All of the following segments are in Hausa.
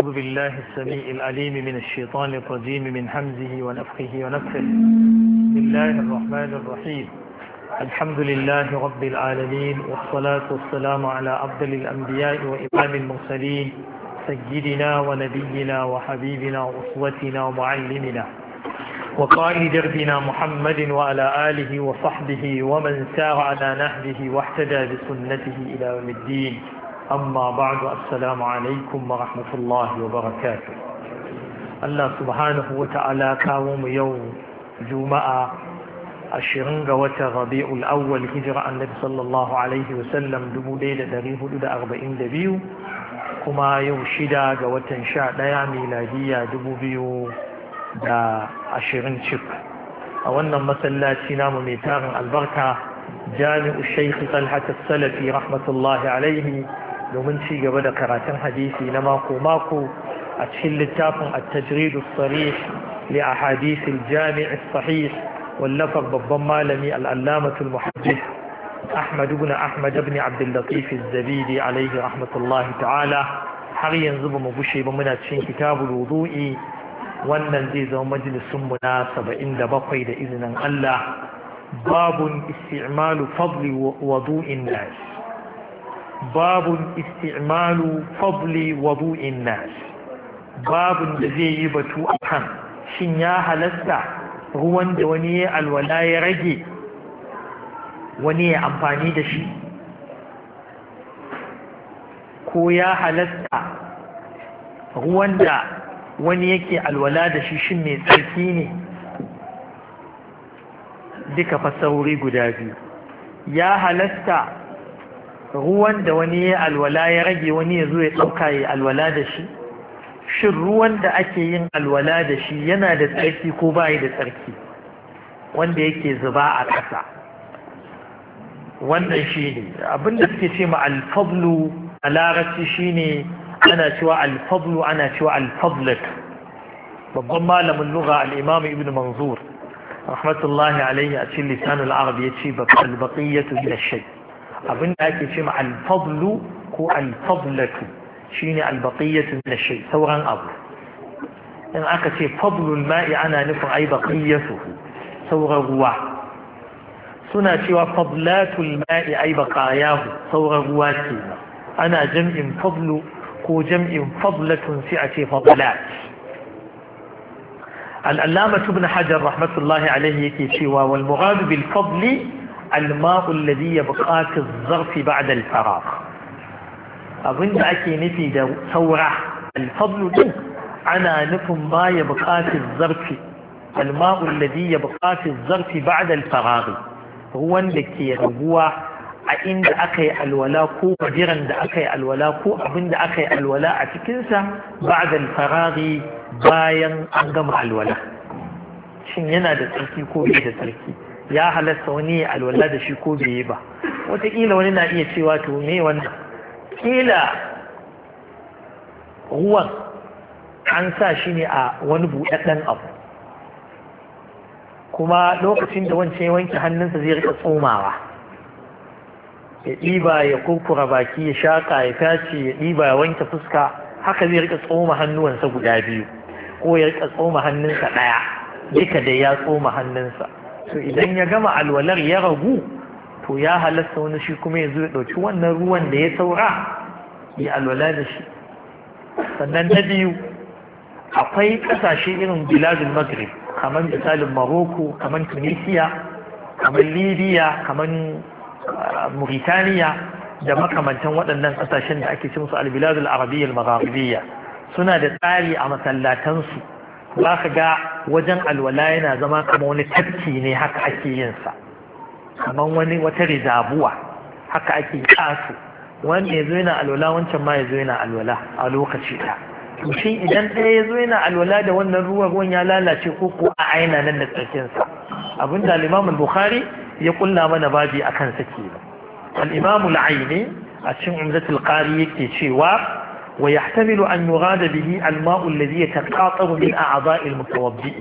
أعوذ بالله السميع العليم من الشيطان الرجيم من حمزه ونفخه ونفخه بسم الله الرحمن الرحيم الحمد لله رب العالمين والصلاة والسلام على أفضل الأنبياء وإمام المرسلين سيدنا ونبينا وحبيبنا وأسوتنا ومعلمنا وقائد دربنا محمد وعلى آله وصحبه ومن سار على نهجه واحتدى بسنته إلى يوم الدين أما بعد السلام عليكم ورحمة الله وبركاته الله سبحانه وتعالى كاوم يوم جمعة ashirin ga watan rabi'ul awwal hijira annabi sallallahu alaihi wasallam dubu ɗaya da ɗari hudu da arba'in da biyu kuma yau shida ga watan sha ɗaya miladiya dubu biyu da ashirin cif a wannan masallaci namu mai tarin albarka jami'u shaikh talhat salafi rahmatullahi domin ci gaba da karatun hadisi na mako-mako a cikin littafin a tajrid sarih li ahadith al-jami' sahih wallafar babban malami al-allamah al-muhaddith Ahmad ibn Ahmad ibn Abd zabidi ta'ala har yanzu ba mu gushe ba muna cikin kitabul wudu'i wannan zai zama majalisun mu na 77 da izinin Allah babun isti'malu fadli wudu'in nas باب استعمال فضل وضوء الناس باب da zai yi batu akan shin ya halasta ruwan da wani ya alwala ya rage wani ya amfani da shi ko ya halasta ruwan da wani yake alwala da shi shin mai sarki ne duka guda biyu ya halasta ruwan da wani ya alwala ya rage wani ya zo ya ɗauka ya alwala da shi shin ruwan da ake yin alwala da shi yana da tsarki ko bayi da tsarki wanda yake zuba a ƙasa wannan shi ne abinda suke ce ma alfablu a larabci shi ne ana cewa alfablu ana cewa alfablat babban malamin lugha al'imamu ibn manzur rahmatullahi alayhi a cikin lisanul arab ya ce albaqiyatu bil shaikh abin da ake ce ma alfadlu ko alfadlatu shine albaqiyatu min shay sauran abu in aka ce fadlul ma'i ana nufin ai baqiyatuhu sauran ruwa suna cewa fadlatul ma'i ai baqayahu sauran ruwa ce ana jam'in fadlu ko jam'in fadlatun sai a ce fadlat الألامة ابن حجر رحمة الله عليه يكي شوى والمغاد بالفضل الماء الذي يبقى في الظرف بعد الفراغ أظن أكي نفي دو ثورة الفضل دو أنا نفهم ما يبقى في الظرف الماء الذي يبقى في الظرف بعد الفراغ هو الذي هو عند أكي الولاء كو جرند أكي الولاء كو عند أكي الولاء أتكنسا بعد الفراغ باين أنقم الولاء shin yana da tsarki ko bai da tsarki ya halasta wani alwala da shi ko bai ba wataƙila wani na iya cewa to me wannan ƙila ruwan an sa shi ne a wani buɗaɗɗen abu kuma lokacin da wancan wanke hannunsa zai rika tsomawa ya ɗiba ya kurkura baki ya shaƙa ya tace ya ɗiba ya wanke fuska haka zai rika tsoma hannuwansa guda biyu ko ya rika tsoma hannunsa ɗaya duka da ya tsoma hannunsa to idan ya gama alwalar ya ragu to ya halasta wani shi kuma ya zo ya ɗauki wannan ruwan da ya saura ya alwala da shi sannan na biyu akwai ƙasashe irin biladun maghrib kamar misalin maroko kamar tunisia kamar libya kamar ah, mauritania da makamantan waɗannan ƙasashen da ake cin su albiladul arabiyyar suna da tsari a masallatansu za ka ga wajen alwala yana zama kamar wani tafki ne haka ake yinsa kamar wani wata rizabuwa haka ake kasu wanda ya zo yana alwala wancan ma ya zo yana alwala a lokaci ta shi idan ɗaya ya zo yana alwala da wannan ruwa ruwan ya lalace ko ko a aina nan da tsarkinsa abin da al bukhari ya kulla mana babi akan sake ba al-imam aini a cikin umzatul qari yake cewa ويحتمل أن يراد به الماء الذي يتقاطر من أعضاء المتوضئ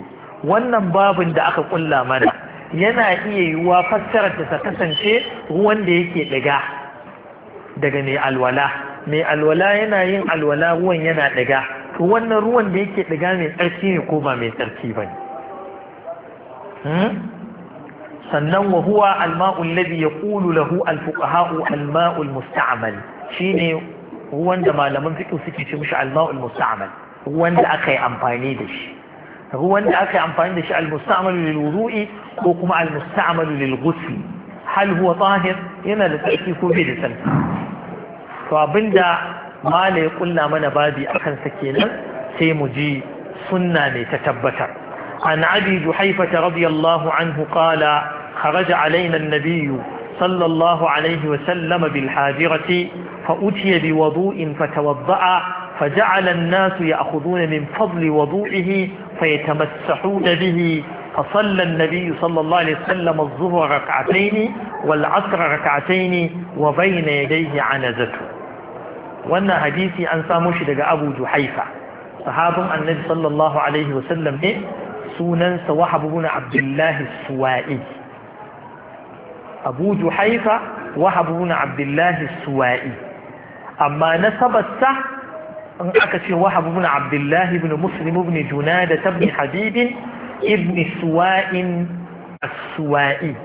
wannan babin da aka kulla mana yana iya yiwuwa fassarar ta kasance ruwan da yake daga daga mai alwala mai alwala yana yin alwala ruwan yana daga to wannan ruwan da yake daga mai tsarki ne ko ba mai tsarki ba ne hmm? sannan wa huwa alma'ul ladhi yaqulu lahu alfuk'ahau alma'ul musta'mal shine ruwan da malaman fiƙo suke ce mishi alma'ul musta'mal ruwan da aka yi amfani da shi ruwan da aka yi amfani da shi al lil wudu'i ko kuma al-musta'mal lil ghusl hal huwa tahir yana da tsarki ko bai da tsarki to abinda mala ya kulla mana babi akan sa kenan sai mu ji sunna ne ta tabbatar an abi juhaifata radiyallahu anhu qala kharaja alaina an-nabiyyu صلى الله عليه وسلم بالحاجرة فأتي بوضوء فتوضأ فجعل الناس يأخذون من فضل وضوئه فيتمسحون به فصلى النبي صلى الله عليه وسلم الظهر ركعتين والعصر ركعتين وبين يديه عنزته وانا حديثي أن ساموش دقى أبو جحيفة صحاب النبي صلى الله عليه وسلم سونان سوحب بن عبد الله السوائي abu juhaifa wa ibn abdullahi suwa'i amma nasabarsa in aka ce wahab ibn abdullahi ibn muslim ibn da ibn Habibin ibn suwa'in suwai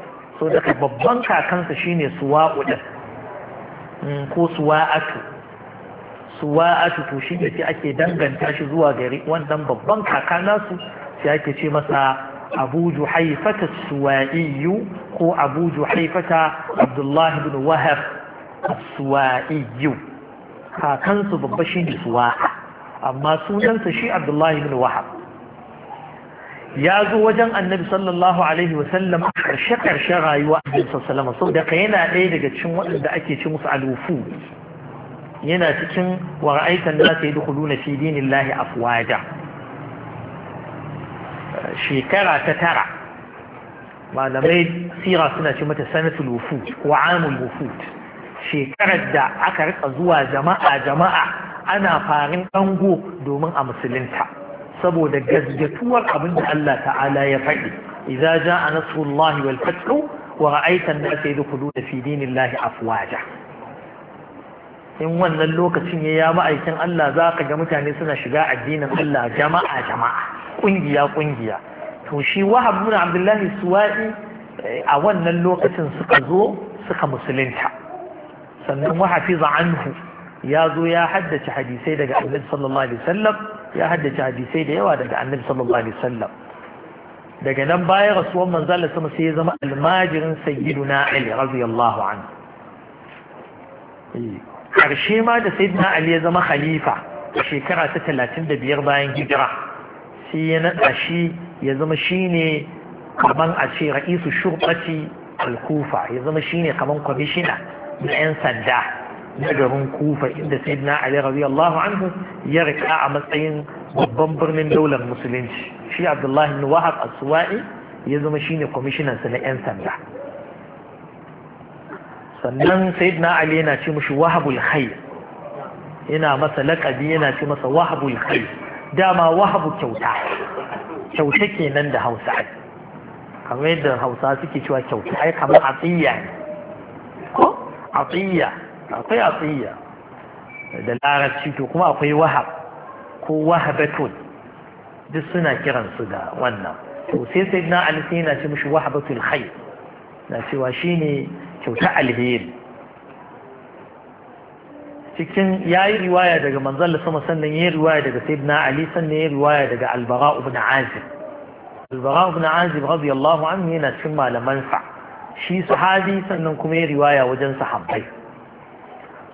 so daga babban kakansa shine suwa'u din hmm, ko suwa'atu suwa'atu to shi ake danganta shi zuwa gari wannan babban kaka nasu sai ake ce masa abu juhaifata suwa'iyu ko abu haifata abdullahi bin wahab suwa'iyu kakansu babba shi ne suwa amma sunansa shi abdullahi bin wahab ya zo wajen annabi sallallahu alaihi wasallam a ƙarshe-ƙarshe rayuwa a jinsa salama sau da ka yana ɗaya daga cikin waɗanda ake ci musu alufu yana cikin wa ra'aitan da ta yi dukulu na fi dinin lahi afwaja shekara ta tara malamai sira suna ce mata sanatul wufut wa amul wufut shekarar da aka rika zuwa jama'a jama'a ana farin ango domin a musulunta saboda gazgatuwar abin da Allah ta'ala ya faɗi idza jaa nasrullahi wal fathu wa ra'aita an-nasa yadkhuluna fi dinillahi afwaja in wannan lokacin ya ya ma'aikin Allah za ka ga mutane suna shiga addinin Allah jama'a jama'a kungiya kungiya to shi wahab bin abdullahi suwa'i eh, a wannan lokacin suka zo suka musulunta sannan wahafiza anhu ya zo ya haddace hadisai daga annabi sallallahu alaihi wasallam ya haddace hadisai da yawa daga annabi sallallahu alaihi wasallam daga nan bayan rasuwar manzala sama sai ya zama almajirin sayyiduna ali radiyallahu anhu eh, karshe ma da sayyiduna ali ya zama khalifa a shekara ta 35 bayan hijira sai ya naɗa shi ya zama shi ne kaman a ce ra'isu shurɓaci alkufa ya zama shi ne kaman kwamishina na 'yan sanda na garin kufa inda sai na ali Allahu anhu ya rika a matsayin babban birnin daular musulunci shi abdullahi bin wahab as-suwa'i ya zama shi ne na 'yan sanda sannan sai na ali yana ce mushi wahabul khair yana masa laƙabi yana ce masa wahabul khair dama wahabu kyauta kyauta kenan da hausa ai kamar yadda hausa suke cewa kyauta ai kamar atiyya ne ko atiyya akwai atiyya da larabci to kuma akwai wahab ko wahabatun duk suna kiran su da wannan to sai sai na alisi yana ce mishi wahabatul khair na cewa shine kyauta alheri cikin ya yi riwaya daga manzon da sama sannan ya yi riwaya daga sayyidina Ali sannan ya yi riwaya daga Albara bara ibn Azib al ibn Azib radiyallahu anhu yana cikin malaman sa shi sahabi sannan kuma ya yi riwaya wajen sahabbai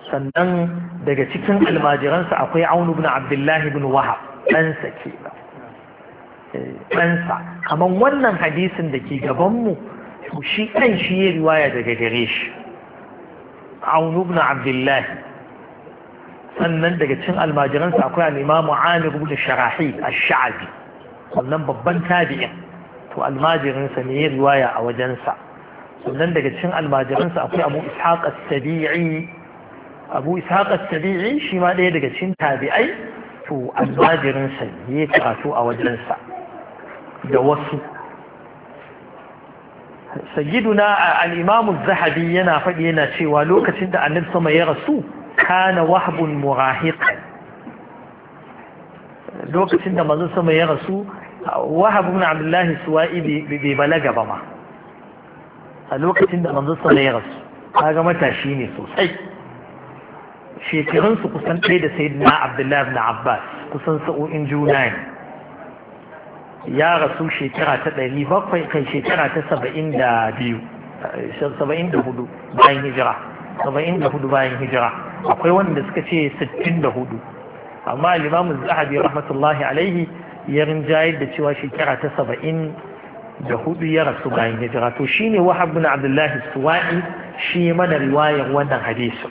sannan daga cikin almajiran akwai Aun ibn Abdullah ibn Wahab dan sa dan sa kaman wannan hadisin da ke gaban mu shi kan shi riwaya daga gare shi Aun ibn Abdullah sannan daga cin almajiransa akwai al'imamu amir da sharahi a sha'abi sannan babban tabi'in to almajiransa ne ya riwaya a wajensa sannan daga cin almajiransa akwai abu ishaq as-sabi'i abu ishaq as-sabi'i shi ma ɗaya daga cin tabi'ai to almajiransa ne ya karatu a wajensa da wasu sayyiduna al-imamu zahabi yana faɗi yana cewa lokacin da annabi sama ya rasu kana wahbun murahiqan lokacin da manzon sama ya rasu wahab ibn abdullah suwa'i bai balaga ba ma a lokacin da manzon sama ya rasu kaga matashi ne sosai shekarunsu kusan ɗaya da sayyidina Abdullahi na abbas kusan sa'o'in juna ne ya rasu shekara ta ɗari bakwai kai shekara ta saba'in da biyu saba'in da hudu bayan hijira saba'in da hudu bayan hijira akwai wanda suka ce 64 amma limamin zahabi rahmatullahi alaihi ya rinjayar da cewa shekara ta saba'in da hudu ya rasu bayan hijira to shine wahab bin abdullahi suwa'i shi mana riwayar wannan hadisi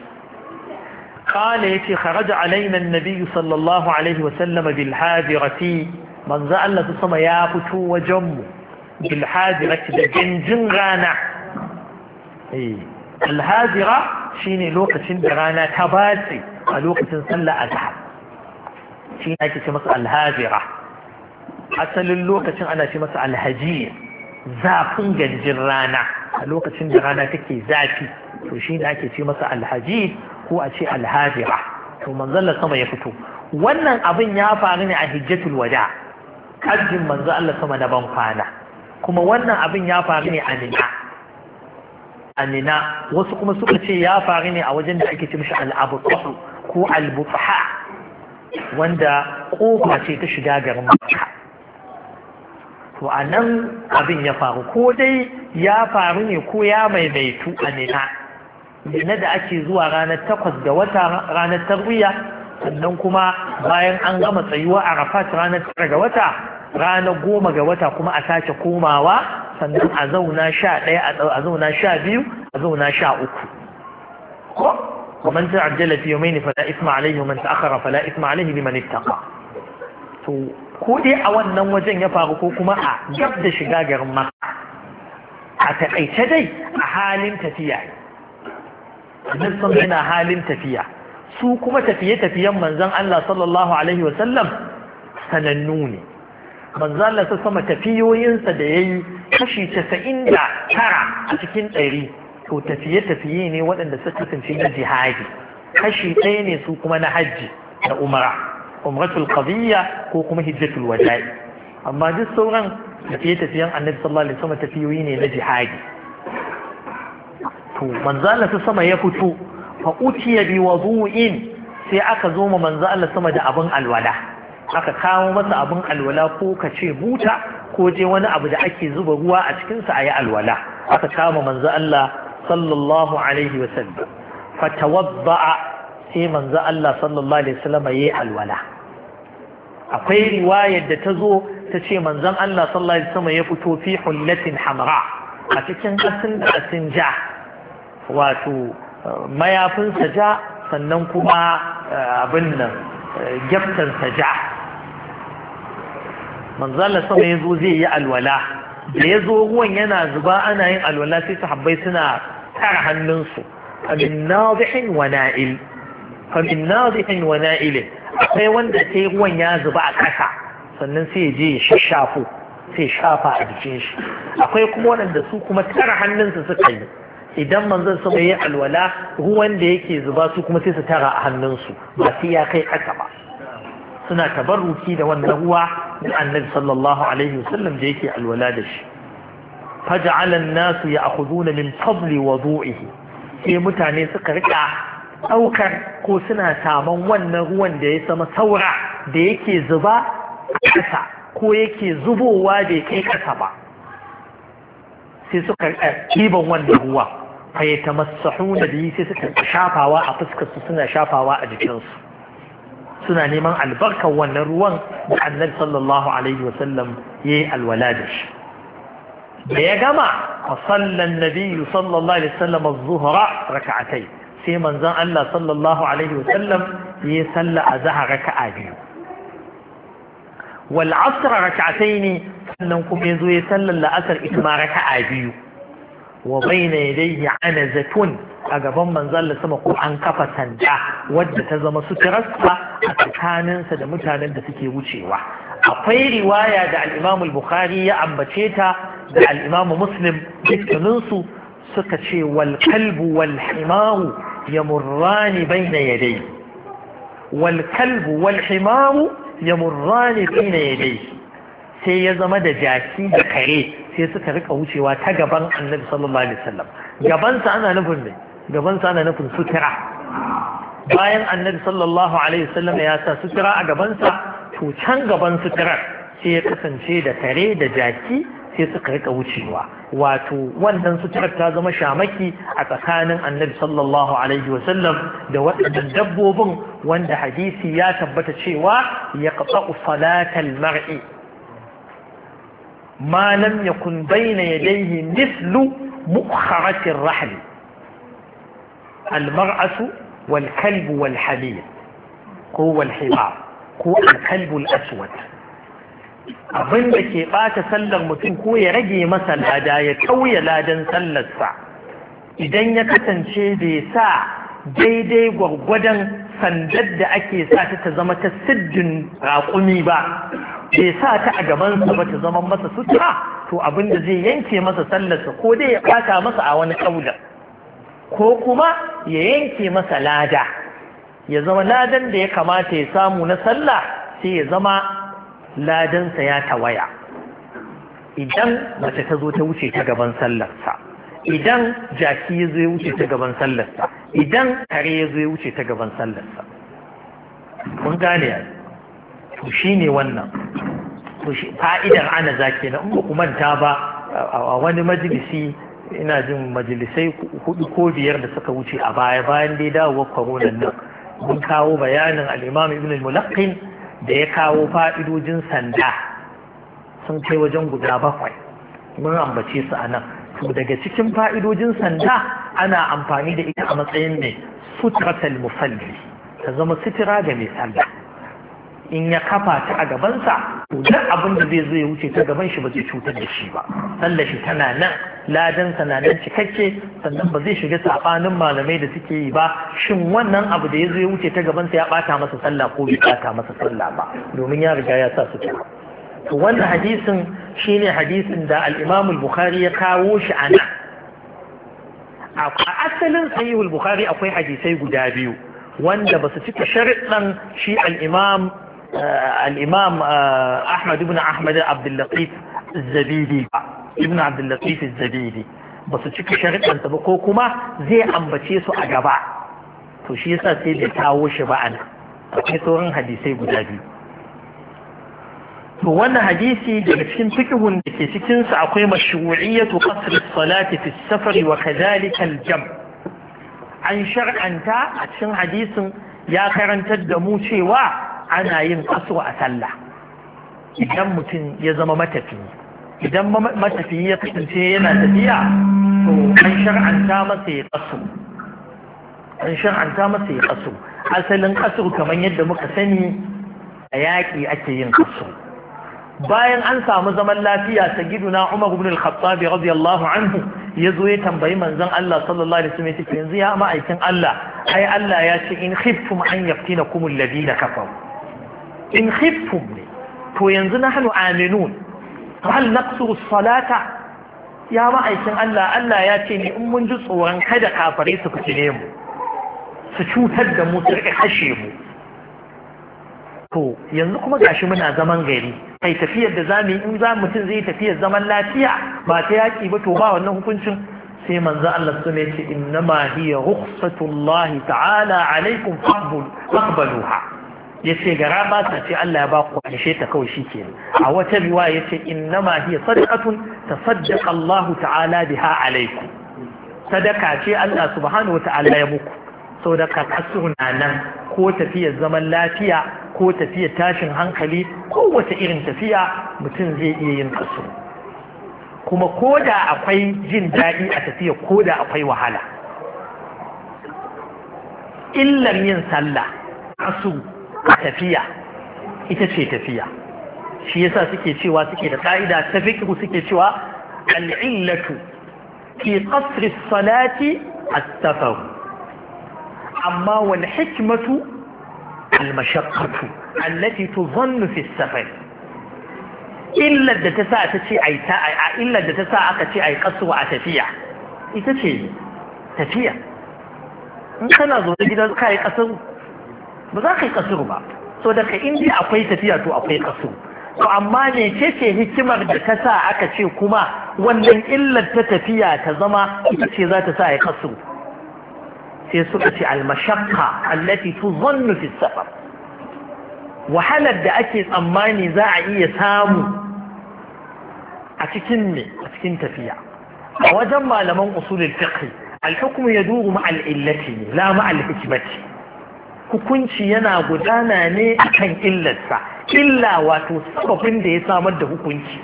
قال يتي خرج علينا النبي صلى الله عليه وسلم بالحاجرة من ذا الله تسمى يا فتو وجم بالحاجرة دجن جنغانا الحاجرة shine lokacin da rana ta batse a lokacin sallah azhar shi ne ake ce masa alhazira asalin lokacin ana ce masa alhajiya zafin ganjin rana a lokacin da rana take zafi to shi ne ake ce masa alhaji ko a ce alhazira to manzon sama ya fito wannan abin ya faru ne a hijjatul wada hajjin manzo Allah sama na ban kwana kuma wannan abin ya faru ne a Mina anina wasu kuma suka ce ya faru ne a wajen da ake ce mishi ko al wanda kofa ce ta shiga garin maka, to a nan abin ya faru ko dai ya faru ne ko ya maimaitu nina. nina da ake zuwa ranar takwas da wata ranar tarbiyya, sannan kuma bayan an gama tsayuwa a rafat ranar tara ga wata ranar goma ga wata kuma a sake komawa sannan a zauna sha ɗaya a zauna sha biyu a zauna sha uku ومن تعجل في يومين فلا إثم عليه ومن تأخر فلا إثم عليه لمن اتقى to ko dai a wannan wajen ya faru ko kuma a gab da shiga garin maka a taƙaice dai a halin tafiya annabi sun yana halin tafiya su kuma tafiye manzon Allah sallallahu ne manzo Allah ta sama tafiyoyinsa da yayi kashi da tara a cikin ɗari. to tafiye tafiye ne waɗanda suka kasance na jihadi kashi ɗaya ne su kuma na hajji da umara umratul qadiyya ko kuma hijjatul wada'i amma duk sauran tafiye tafiyen annabi sallallahu alaihi wasallam tafiyoyi ne na jihadi to manzo Allah ta sama ya fito fa utiya bi wudu'in sai aka zo ma manzo Allah sama da abin alwala aka kawo masa abin alwala ko ka ce buta ko je wani abu da ake zuba ruwa a cikinsa a yi alwala aka kama manzo Allah sallallahu alaihi wa sallam fa tawadda'a sai manzo Allah sallallahu alaihi wasallam yayi alwala akwai riwayar da ta zo ta ce manzon Allah sallallahu alaihi wasallam ya fito fi hullatin hamra a cikin asin da asin ja wato mayafinsa ja sannan kuma eh, abin nan eh, gyaftansa ja manzala sama ya zo zai yi alwala da ya zo ruwan yana zuba ana yin alwala sai sahabbai suna tara hannunsu kamin nazihin wa na'il famin nazihin akwai wanda sai ruwan ya zuba a ƙasa sannan sai ya je ya shafu sai shafa a jikin shi akwai kuma waɗanda su kuma tara hannunsu suka yi idan manzon sama ya yi alwala ruwan da yake zuba su kuma sai su tara a hannunsu ba sai ya kai ƙasa ba suna tabarruki da wannan ruwa na annabi sallallahu alaihi wasallam da yake alwala da shi faj'alan nasu ya'khuduna min fadli wudu'ihi sai mutane suka rika daukar ko suna saman wannan ruwan da ya sama saura da yake zuba kasa ko yake zubowa da kai kasa ba sai suka rika kiban wannan ruwa fa yatamassahuna bihi sai suka shafawa a fuskar su suna shafawa a jikinsu suna neman albarkar wannan ruwan da annabi sallallahu alaihi wasallam yayi alwala da shi da ya gama fa sallan nabiyyu sallallahu alaihi wasallam az-zuhra rak'atayn sai manzon Allah sallallahu alaihi wasallam yayi sallah zaha raka'a biyu wal asr ne sannan kuma ya zo ya sallan la'asar ita ma raka'a biyu wa ya yadayhi anazatun a gaban manzon sama ko an kafa sanda wadda ta zama su suturarsa a tsakaninsa da mutanen da suke wucewa akwai riwaya da Al'imamul bukhari ya ambace ta da al Muslim dukkaninsu suka ce wal Walhimamu wal himaru yamurrani bayna yadayhi wal kalbu wal himaru yamurrani sai ya zama da jaki da kare sai suka rika wucewa ta gaban annabi sallallahu alaihi wasallam gabansa ana nufin ne gabansa ana nufin sutura bayan annabi sallallahu alaihi wasallam ya sa sutura a gabansa to can gaban suturar sai ya kasance da tare da jaki sai suka rika wucewa wato wannan suturar ta zama shamaki a tsakanin annabi sallallahu alaihi wasallam da waɗannan dabbobin wanda hadisi ya tabbata cewa ya kafa salatal mar'i ma lam yakun bayna yadayhi mislu مؤخرة الرحل المرأس والكلب والحمير هو الحمار هو الكلب الأسود abin da ke ɓata sallar mutum ko ya rage masa lada ya tauye ladan sallarsa idan ya kasance bai sa daidai gwargwadon sandar da ake sa ta ta zama ta siddin raƙumi ba bai sa ta a gabansa ba ta zama masa sutura to abin da zai yanke masa sallarsa ko dai ya ɓata masa a wani ƙaunar ko kuma ya yanke masa lada ya zama ladan da ya kamata ya samu na sallah sai ya zama ladansa ya tawaya idan mace ta zo ta wuce ta gaban sallarsa idan jaki ya zo ya wuce ta gaban sallarsa idan kare ya zo ya wuce ta gaban sallarsa kun gane ya to shi ne wannan fa'idar ana za ke nan ku manta ba a wani majalisi ina jin majalisai hudu ko biyar da suka wuce a baya bayan dai dawowar kwaronan nan mun kawo bayanin al'imam ibn al-mulaqin da ya kawo fa'idojin sanda sun kai wajen guda bakwai mun ambace su a nan to daga cikin fa'idojin sanda ana amfani da ita a matsayin ne sutratal musalli ta zama sitira ga mai sallah in ya kafa ta a gabansa to duk abin da zai zo ya wuce ta gaban shi ba zai cutar da shi ba sallar shi tana nan ladan sana nan cikakke sannan ba zai shiga sabanin malamai da suke yi ba shin wannan abu da ya zo ya wuce ta gabansa ya bata masa sallah ko bai bata masa sallah ba domin ya riga ya sa su to wannan hadisin shine hadisin da al'imamul bukhari ya kawo shi a a asalin sahih bukhari akwai hadisai guda biyu wanda ba su cika sharaɗin shi al'imam eh, imam eh, Ahmad ibn Ahmad Abdul Zabidi Abdul Zabidi ba su cika sharaɗin ba ko kuma zai ambace su a gaba to shi yasa sai bai kawo shi ba ana akwai sauran hadisai guda biyu to wannan hadisi daga cikin fiqhun da ke cikin sa akwai mashru'iyyatu qasr as-salati fi as-safar wa kadhalika al-jam an shar'anta a cikin hadisin ya karantar da mu cewa ana yin qasr a sallah idan mutum ya zama matafiyi idan matafiyi ya kasance yana tafiya to an shar'anta masa ya qasr an shar'anta masa ya qasr asalin qasr kamar yadda muka sani a yaƙi ake yin qasr bayan an samu zaman lafiya ta giduna Umar ibn al-Khattab radiyallahu anhu zo ya tambayi manzon Allah sallallahu alaihi wasallam yace yanzu ya ma aikin Allah ai Allah ya ce in khiftum an yaftinakum alladhina kafaru in khiftum to yanzu nahnu aminun hal naqsuru as-salata ya ma aikin Allah Allah ya ce ni in mun ji tsoron kada kafare su fitine mu su cutar da mu su rike hashe mu to yanzu kuma gashi muna zaman gari kai tafiyar da zamu in za mutum zai tafiyar zaman lafiya ba ta yaki ba to ba wannan hukuncin sai manzo Allah su ne ce inna ma hiya rukhsatullahi ta'ala alaikum faqbaluha yace gara ba ta ce Allah ya ba ku anshe ta kawai shike a wata riwaya yace inna ma hiya sadaqatun tasaddaqa Allah ta'ala biha alaikum sadaka ce Allah subhanahu wa ta'ala ya muku saboda ka kasu nan ko tafiyar zaman lafiya ko tafiyar tashin hankali kowace irin tafiya mutum zai iya yin kaso kuma ko da akwai jin daɗi a tafiya ko da akwai wahala illar yin sallah kaso tafiya ita ce tafiya shi yasa suke cewa suke da ka'ida ta fikiru suke cewa al'illatu fi kasri salati a amma wani hikmatu almashaqqatu allati tuzannu fi safar illar da ta sa ta ce ai ta a illar da ta sa aka ce ai kasuwa a tafiya ita ce tafiya in kana zo da gidan kai kasar ba za ka yi kasar ba so daga inda akwai tafiya to akwai kasar to amma ne ce ce hikimar da ta sa aka ce kuma wannan illar ta tafiya ta zama ita ce za ta sa ya kasu sai suka ce almashakka allati tuzannu fi safar wahalar da ake tsammani za a iya samu a cikin ne a cikin tafiya a wajen malaman usulul fiqh al-hukmu yaduru ma al-illati la ma al-hikmati hukunci yana gudana ne akan illarsa illa wato sababin da ya samar da hukunci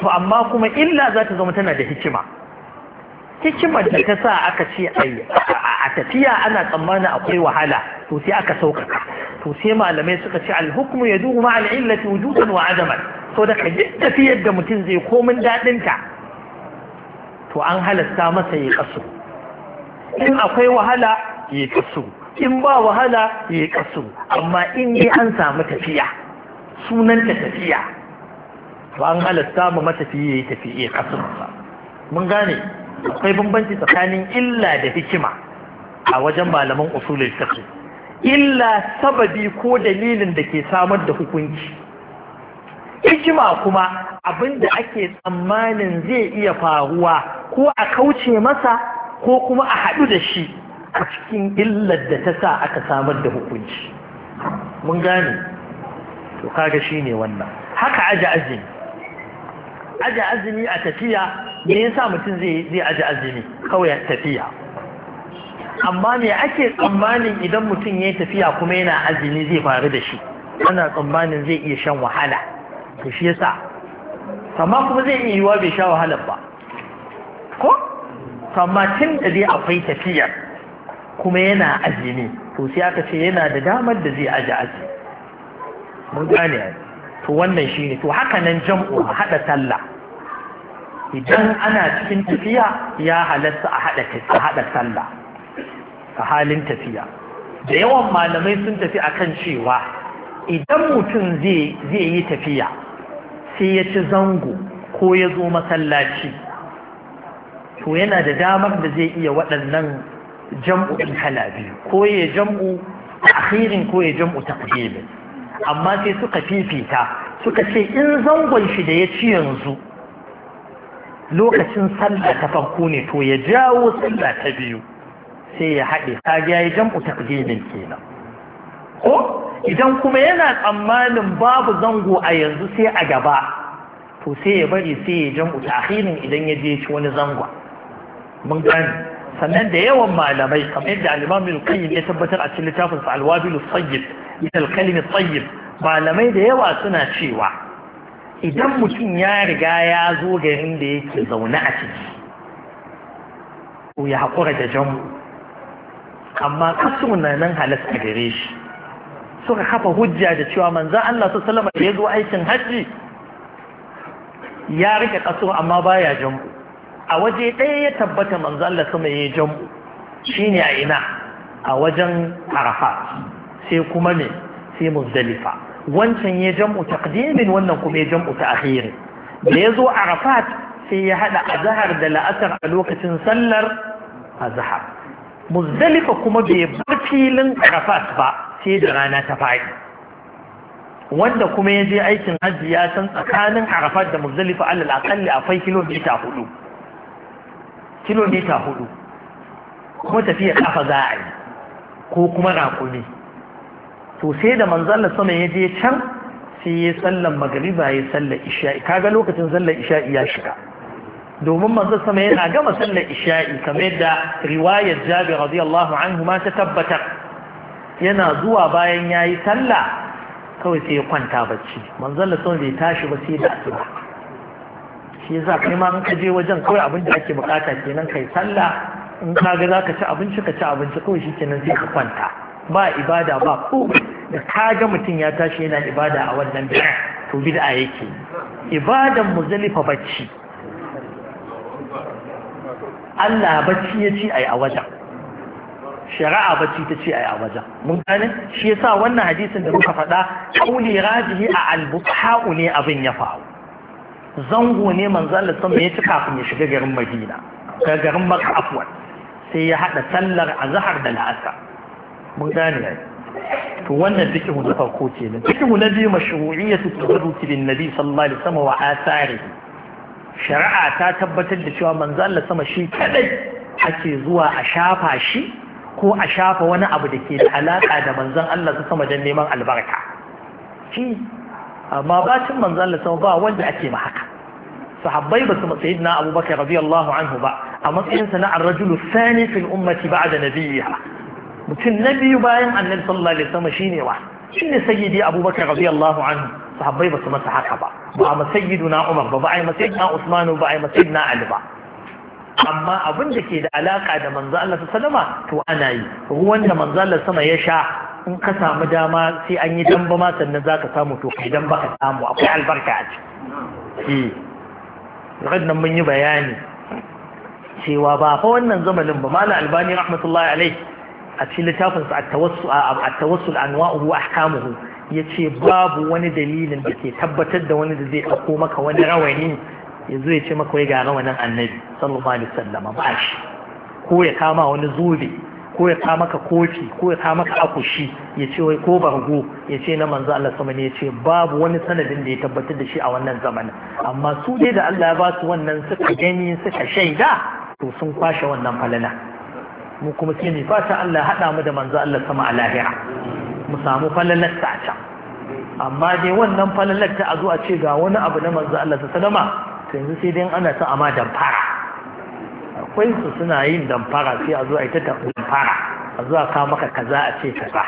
to amma kuma illa za ta zama tana da hikima hikimar da ta sa aka ce a tafiya ana tsammanin akwai wahala to sai aka sauƙaƙa to sai malamai suka ce alhukmu ya duhu ma al'illati wujudan wa adaman to daga duk tafiyar da mutum zai komin daɗinta to an halasta masa ya kasu in akwai wahala ya kasu in ba wahala ya kasu amma in dai an samu tafiya sunan sunanta tafiya to an halasta ma matafiya ya tafi ya kasu mun gane akwai bambanci tsakanin illa da hikima a wajen malaman usulul fiqh illa sababi ko dalilin da ke samar da hukunci ijma kuma abin da ake tsammanin zai iya faruwa ko a kauce masa ko kuma a haɗu da shi a cikin illar da ta sa aka samar da hukunci mun gane to kaga shine wannan haka aji azumi aji azumi a tafiya me yasa mutum zai aji azumi kawai tafiya amma me ake tsammanin idan mutum ya tafiya kuma yana azumi zai faru da shi ana tsammanin zai iya shan wahala to shi yasa amma kuma zai iya yiwa bai sha wahalar ba ko amma tun da dai akwai tafiyar kuma yana azumi to sai aka ce yana da damar da zai aje azumi mun gane to wannan shine to haka nan jam'u hada sallah idan ana cikin tafiya ya halatta a hada sallah a halin tafiya da yawan malamai sun tafi akan cewa idan mutum zai yi tafiya sai ya ci zango ko ya zo masallaci to yana da damar da zai iya waɗannan jam'u'in kala biyu ko ya jam'u a akhirin ko ya jam'u ta taqdimin amma sai suka fifita suka ce in zangon shi da ya ci yanzu lokacin sallah ta farko ne to ya jawo sallah ta biyu sai ya haɗe ya yayi jam'u taqdimin kenan ko idan kuma yana tsammanin babu zango a yanzu sai a gaba to sai ya bari sai ya jam'u ta'khirin idan ya je ci wani zango mun gani sannan da yawan malamai kamar yadda al-Imam al-Qayyim ya tabbatar a cikin littafin sa al-Wabil al-Tayyib ita al-kalim tayyib malamai da yawa suna cewa idan mutum ya riga ya zo garin da yake zaune a ciki ko ya haƙura da jam'u amma kasu na nan halasta gare shi suka kafa hujja da cewa manzan Allah su salama ya zo aikin hajji ya rike kasu amma baya jam'u a waje ɗaya ya tabbata manzan Allah sama ya jam'u ne a ina a wajen arafa sai kuma ne sai muzdalifa wancan ya jam'u taqdimin wannan kuma ya jam'u ta'khiri da ya zo arafat sai ya hada zahar da la'asar a lokacin sallar azhar muzdalifa kuma bai bar filin arafat ba sai da rana ta faɗi wanda kuma ya je aikin hajji ya san tsakanin arafat da muzdalifa alal akalli akwai kilomita hudu kilomita hudu kuma tafiya kafa za a yi ko kuma rakumi to sai da manzalla sama ya je can sai ya sallan magariba ya sallan isha'i kaga lokacin sallan isha'i ya shiga domin manzo sama yana gama sallar isha'i kamar da riwayar Jabir radiyallahu anhu ma ta tabbatar yana zuwa bayan yayi sallah kawai sai ya kwanta bacci manzo Allah sama bai tashi ba sai da asuba shi yasa kai ma in ka je wajen kawai abin da ake bukata kenan kai sallah in ka ga zaka ci abinci ka ci abinci kawai shikenan sai ka kwanta ba ibada ba ko da ka ga mutum ya tashi yana ibada a wannan bid'a to bid'a yake ibadan muzalifa bacci Allah bacci ya ce a yi a wajen shari'a bacci ta ce a yi a wajen mun gane shi yasa wannan hadisin da muka faɗa kauli rajihi a albuqa'u ne abin ya faru zango ne manzo Allah sama ya ci kafin ya shiga garin Madina ga garin Makka afwan sai ya hada sallar azhar da la'asa mun gane to wannan fikihu na farko kenan fikihu na biyu mashru'iyyatu tawadu lin nabi sallallahu alaihi wasallam wa asarihi shari'a ta tabbatar da cewa manzo Allah sama shi kadai ake zuwa a shafa shi ko a shafa wani abu da ke da alaka da manzon Allah ta sama don neman albarka shi amma bacin manzon Allah sama ba wanda ake ma haka sahabbai ba su matsayi na abubakar radiyallahu anhu ba a matsayinsa na arrajulu sani fil ummati ba'da nabiyha mutum na biyu bayan annabi sallallahu alaihi wasallam shine wa shine sayyidi abubakar radiyallahu anhu sahabbai ba su masa haka ba ba a masayidu na umar ba ba a yi masayidu na usmanu ba a yi masayidu na ali ba amma abin da ke da alaka da manzo Allah sallama to ana yi ruwan da manzo Allah sama ya sha in ka samu dama sai an yi damba ma sannan ka samu to kai damba ka samu akwai albarka a ciki eh nan mun yi bayani cewa ba fa wannan zamanin ba mala albani rahmatullahi alaihi a cikin littafin sa at-tawassul at-tawassul anwa'uhu ahkamuhu ya ce babu wani dalilin da ke tabbatar da wani da zai ɗauko maka wani rawani ya zo ya ce maka wai ga rawanin annabi sallallahu alaihi wasallama ba shi ko ya kama wani zobe ko ya kama maka kofi ko ya kama maka akushi ya ce wai ko bargo ya ce na manzo Allah sama ne ya ce babu wani sanadin da ya tabbatar da shi a wannan zamanin amma su dai da Allah ya ba su wannan suka gani suka shaida to sun kwashe wannan falala mu kuma sai mu fata Allah ya hada mu da manzo Allah sama a lahira mu samu ta a can amma dai wannan falalar ta a zo a ce ga wani abu na manzo Allah ta salama ta yanzu sai dai ana sa amma damfara akwai su suna yin damfara sai a zo a yi ta damfara a zo a kawo maka kaza a ce kaza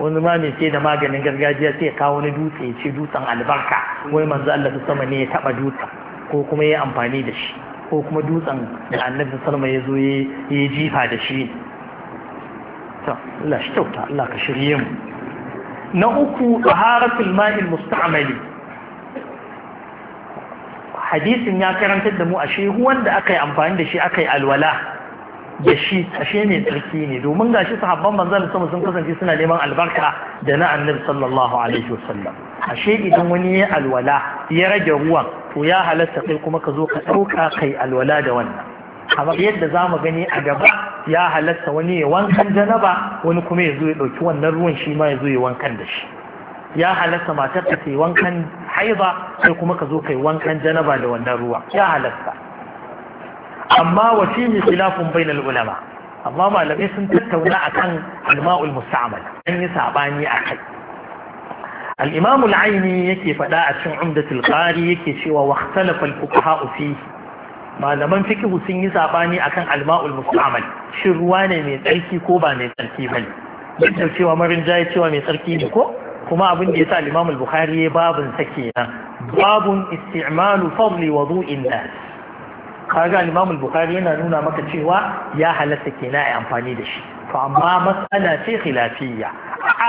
wani ma mai ce da maganin gargajiya sai ya kawo wani dutse ya ce dutsen albarka wai manzo Allah ta sama ne ya taba dutsen ko kuma ya amfani da shi ko kuma dutsen da annabi salma ya zo ya jifa da shi ta Allah shi kyauta Allah ka shirye mu na uku taharatul ma'il musta'mali hadisin ya karantar da mu ashe shehu da aka amfani da shi aka alwala da shi ashe ne tsarki ne domin gashi sahabban manzon sama sun kasance suna neman albarka da na annabi sallallahu alaihi wasallam ashe idan wani ya alwala ya rage ruwan to ya halatta kai kuma ka zo ka ɗauka kai alwala da wannan kamar yadda za mu gani a gaba ya halatta wani ya wankan janaba wani kuma ya zo ya ɗauki wannan ruwan shi ma ya zo ya wankan da shi ya halatta matar ka yi wankan haiba sai kuma ka zo ka yi wankan janaba da wannan ruwa ya halatta amma wa fihi khilafun bainal ulama amma malamai sun tattauna akan al-Ma'ul musta'mal an yi sabani akai al-imam al-aini yake fada a cikin umdatul qari yake cewa wa ikhtalafa al-fuqaha fihi malaman fikihu sun yi sabani akan alma'ul musta'mal shin ruwa ne mai tsarki ko ba mai tsarki bane duk da cewa marin cewa mai tsarki ne ko kuma abin da yasa al-Imam al-Bukhari ya babun sa kenan babun isti'malu fadli wudu'in nas kaga al-Imam al-Bukhari yana nuna maka cewa ya halatta kenan ai amfani da shi to amma matsala ce khilafiyya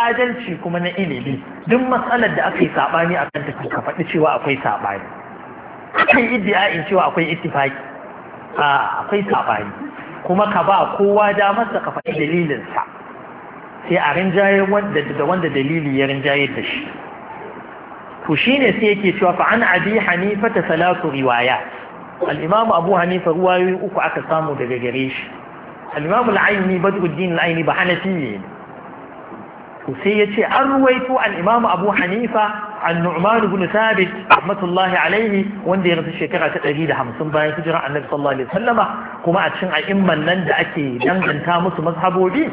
adalci kuma na ilimi duk matsalar da aka yi sabani akan ta ka faɗi cewa akwai sabani iddi A'in cewa akwai ittifaki a akwai safari kuma ka ba kowa damarsa ka faɗi dalilinsa sai a rinjaye da wanda dalili ya rinjaye da shi to ne sai yake cewa fa an abi hanifa ta salatu riwaya al abu hanifa ruwayoyi uku aka samu daga gare shi al-imam al-aini badruddin al-aini ba hanafi ne to sai yace an ruwaito al-imam abu hanifa annu'man ibn thabit rahmatullahi alaihi wanda ya rasu shekara ta ɗari da 150 bayan hijira annabi sallallahu alaihi wasallama kuma a cikin a'imman nan da ake danganta musu mazhabobi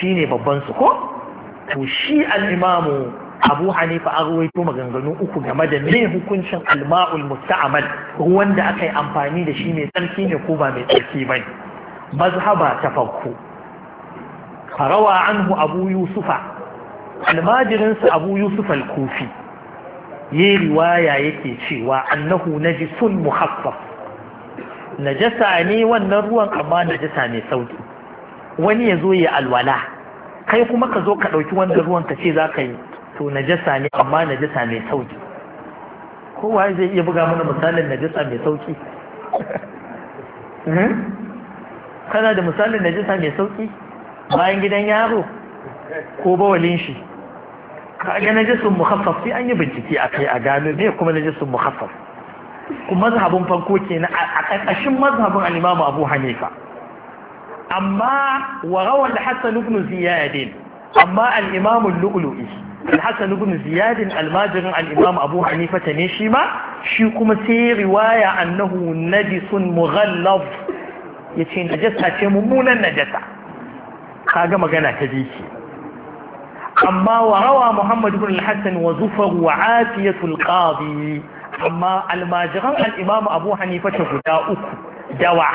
shine babban su ko to al-imamu abu hanifa an ruwaito maganganu uku game da me hukuncin alma'ul musta'amal ruwan da aka yi amfani da shi mai sarki ne ko ba mai tsarki ba ne mazhaba ta farko farawa anhu abu yusufa almajirinsa abu yusuf al yi riwaya yake cewa annahu najisun muhaffaf najasa ne wannan ruwan amma najasa mai sauki wani ya zo ya alwala kai kuma ka zo ka ɗauki wanda ruwan ka ce za ka yi to najasa ne amma najasa mai sauki kowa zai iya buga mana misalin najasa mai sauki hmm? kana da misalin najasa mai sauki bayan gidan yaro ko bawalin shi kaga najisun mukhaffaf sai an yi bincike a kai a gano me kuma najisun mukhaffaf kuma mazhabin farko kenan a ƙarƙashin mazhabin al-Imam Abu Hanifa amma wa rawal Hassan ibn Ziyad amma al-Imam al-Lu'lu'i al hasan ibn Ziyad al-Majrin al-Imam Abu Hanifa ne shi ma shi kuma sai riwaya annahu najisun mughallaf yace najasa ce mummunan najasa kaga magana ta biki أما وروى محمد بن wa وزفر وعافية القاضي أما الماجران الإمام أبو حنيفة هداؤك دوع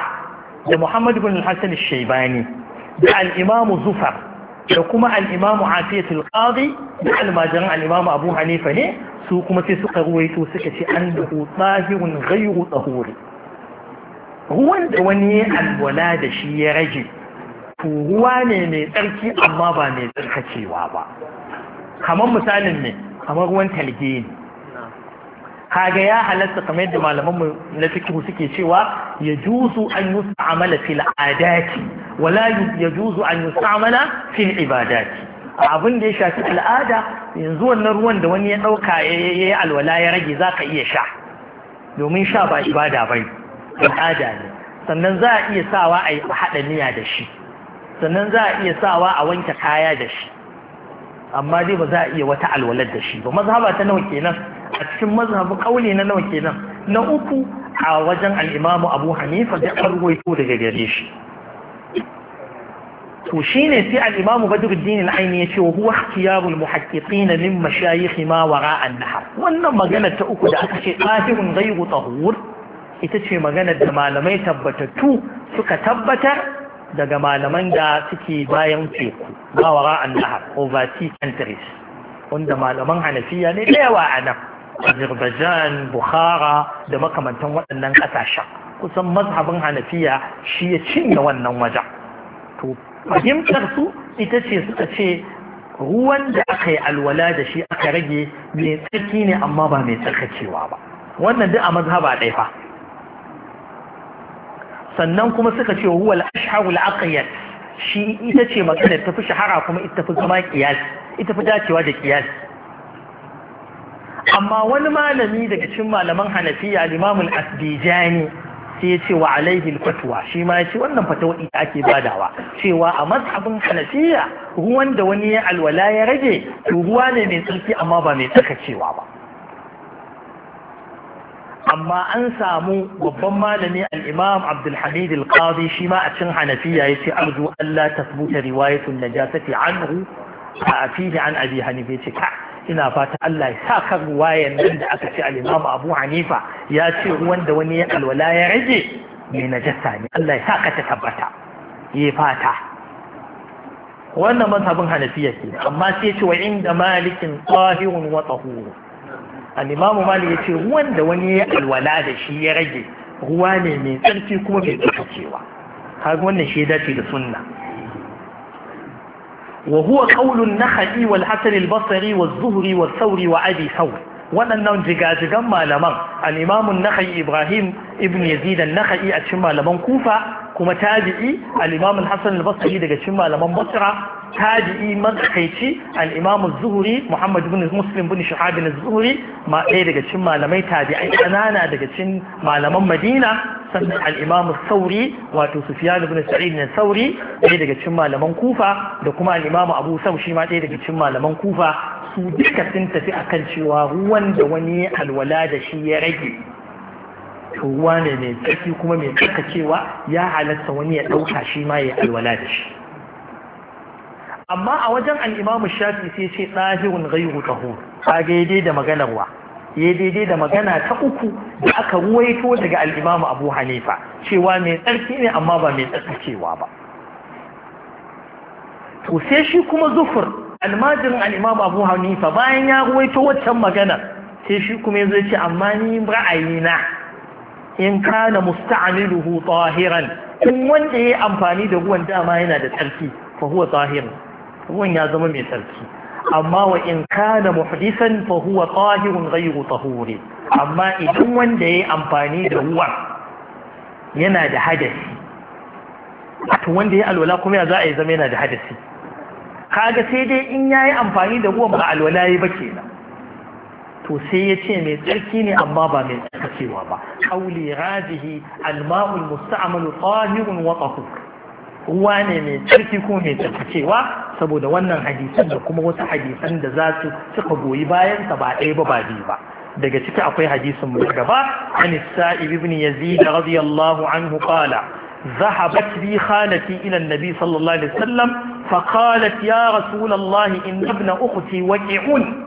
ده محمد بن الحسن الشيباني ده الإمام زفر da kuma al'imamu afiyatul ƙari da almajiran al'imamu abu hanifa ne su kuma sai suka ruwaito suka ce an da tsahirun gairu tsahuri ruwan da wani alwala da shi ya rage ruwa ne mai tsarki amma ba mai tsarkacewa ba kamar misalin ne kamar ruwan talge ne kaga ya halatta kamar yadda malaman mu na fikihu suke cewa ya juzu an yusta'mala fil adati wala ya juzu an yusta'mala fil ibadati abin da ya shafi al'ada yanzu wannan ruwan da wani ya dauka ya yi alwala ya rage zaka iya sha domin sha ba ibada bai al'ada ne sannan za a iya sawa a haɗa niyya da shi sannan za a iya sawa a wanke kaya da shi amma dai ba za a iya wata alwalar da shi ba mazhaba ta nawa kenan a cikin mazhabu kauli na nawa kenan na uku a wajen al'imamu abu hanifa da an ruwaito daga gare shi to shine sai al'imamu badruddin al'aini ya ce wa huwa ikhtiyarul muhaqqiqin min mashayikh ma wara an-nahar wannan magana ta uku da aka ce qahirun ghayru tahur ita ce maganar da malamai tabbatattu suka tabbatar daga malaman da suke bayan teku ba wara an nahar overseas countries wanda malaman hanafiya ne da yawa a nan azerbaijan bukhara da makamantan waɗannan ƙasashen kusan mazhabin hanafiya shi ya cinye wannan wajen to fahimtar su ita ce suka ce ruwan da aka yi alwala da shi aka rage mai tsarki ne amma ba mai tsarkacewa ba wannan duk a mazhaba ɗaya fa sannan kuma suka ce huwa al-ashharul aqyas shi ita ce magana ta fi shahara kuma ita fi zama kiyas ita fi dacewa da kiyas. amma wani malami daga cikin malaman hanafiya al asbijani sai ya ce wa alaihi fatwa shi ma ya ce wannan fatwa ita ake badawa cewa a mazhabin hanafiya ruwan da wani ya alwala ya rage ruwa ne mai tsarki amma ba mai tsakacewa ba amma an samu babban malami al-imam abdulhamid al-qadi shi ma a cin hanafiya ya ce arzu allah ta sabuta riwayatun najasati anhu a fihi an abi hanifa ce ka ina fata allah ya sa kan ruwayan nan da aka ce al-imam abu hanifa ya ce ruwan da wani ya alwala ya rage mai najasa ne allah ya sa ka ta tabbata ya fata wannan mazhabin hanafiya ke amma sai ce wa inda malikin tsahirun wa tsahuru al'imamu mali ya ce ruwan da wani ya alwala da shi ya rage ruwa ne mai tsarki kuma mai tsarkacewa har wannan shi dace da sunna wa huwa na nakhai wal hasan basari wa wal zuhri wal wa abi thawr waɗannan jigajigan malaman al'imamun naha'i ibrahim ibn yazid naha'i a cikin malaman kufa kuma tabi'i al'imamun hassan al-basri daga cikin malaman basra tabi'i matsakaici al'imamun zuhuri muhammad bin muslim bin shahabin zuhuri ma ɗaya daga cikin malamai tabi'ai ƙanana daga cikin malaman madina sannan al'imamun sauri wato sufiyan bin sa'id na sauri ɗaya daga cikin malaman kufa da kuma al'imamun abu sau shi ma ɗaya daga cikin malaman kufa su duka sun tafi akan cewa ruwan da wani alwala da shi ya rage ruwa ne mai tsarki kuma mai tsarkacewa ya halatta wani ya ɗauka shi ma ya alwala da shi amma a wajen al'imamu shafi sai ce ɗahirun gairu taho a daidai da maganarwa ya daidai da magana ta uku da aka ruwaito daga al'imamu abu hanifa cewa mai tsarki ne amma ba mai tsarkacewa ba to sai shi kuma zufur almajirin al'imam abu hanifa bayan ya ruwaito waccan magana sai shi kuma ya zai ce amma ni ra'ayina in kana musta'amiluhu tahiran in wanda ya yi amfani da ruwan dama yana da tsarki fa huwa tahir ruwan ya zama mai tsarki amma wa in kana muhdisan fa huwa tahirun ghayru tahuri amma idan wanda ya yi amfani da ruwan yana da hadasi to wanda ya alwala kuma ya za a yi zama yana da hadasi kaga sai dai in ya yi amfani da ruwan ba alwala yi ba nan. to sai ya ce mai tsarki ne amma ba mai tsarkacewa ba kauli rajihi alma'ul musta'malu tahirun wa ruwa ne mai tsarki ko mai tsarkacewa saboda wannan hadisan da kuma wasu hadisan da za su suka goyi bayan sa ba ɗaya ba ba biyu ba daga ciki akwai hadisin mu gaba an sa'ib ibn yazid radiyallahu anhu qala ذهبت بي خالتي إلى النبي صلى الله عليه وسلم فقالت يا رسول الله إن ابن أختي وجعون